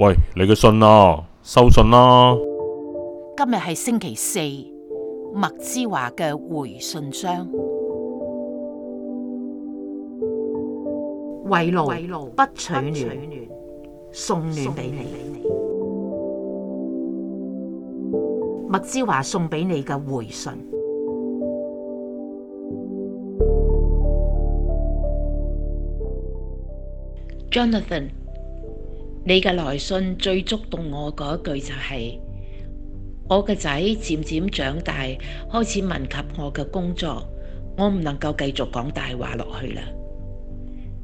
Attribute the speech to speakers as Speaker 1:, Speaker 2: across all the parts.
Speaker 1: 喂，你嘅信啊，收信啦，啊。
Speaker 2: 今日係星期四，麥之華嘅回信箱，圍爐不，不取暖，送暖俾你，你。麥之華送俾你嘅回信，Jonathan。你嘅來信最觸動我嗰一句就係，我嘅仔漸漸長大，開始問及我嘅工作，我唔能夠繼續講大話落去啦。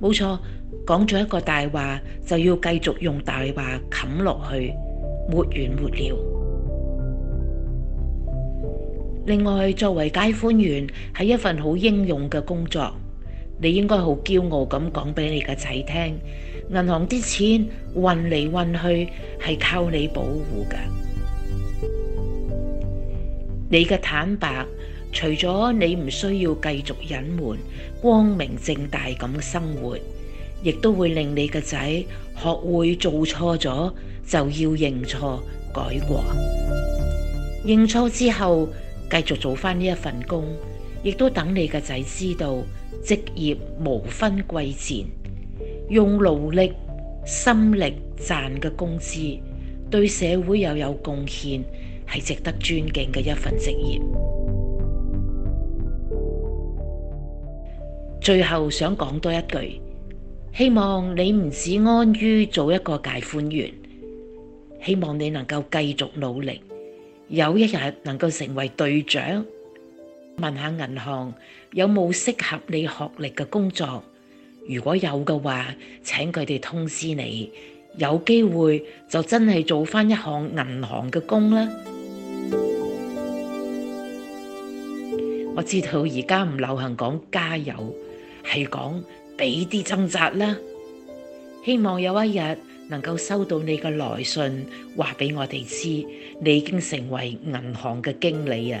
Speaker 2: 冇錯，講咗一個大話就要繼續用大話冚落去，沒完沒了。另外，作為解款員係一份好英勇嘅工作。你應該好驕傲咁講俾你個仔聽，銀行啲錢運嚟運去係靠你保護㗎。你嘅坦白，除咗你唔需要繼續隱瞞，光明正大咁生活，亦都會令你個仔學會做錯咗就要認錯改過。認錯之後，繼續做翻呢一份工。亦都等你個仔知道，職業無分貴賤，用勞力、心力賺嘅工資，對社會又有貢獻，係值得尊敬嘅一份職業。最後想講多一句，希望你唔止安於做一個解款員，希望你能夠繼續努力，有一日能夠成為隊長。問下銀行有冇適合你學歷嘅工作？如果有嘅話，請佢哋通知你。有機會就真係做翻一行銀行嘅工啦。我知道而家唔流行講加油，係講俾啲掙扎啦。希望有一日能夠收到你嘅來信，話俾我哋知你已經成為銀行嘅經理啊！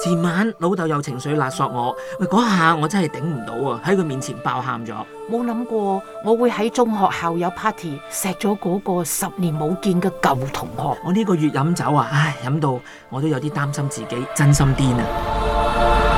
Speaker 1: 前晚老豆有情緒勒索我，喂嗰下我真係頂唔到啊！喺佢面前爆喊咗，
Speaker 2: 冇諗過我會喺中學校友 party，錫咗嗰個十年
Speaker 1: 冇見嘅舊同學。我呢個月飲酒啊，唉，飲到我都有啲擔心自己，真心癲啊！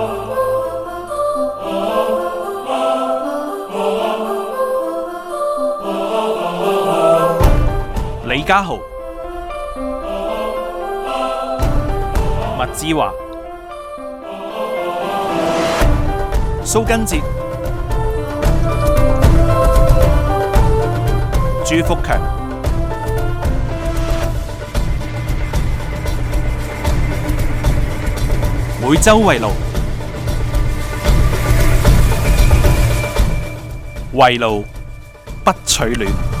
Speaker 1: 嘉豪麥之華、蘇根哲、朱福強，每周圍爐，圍爐不取暖。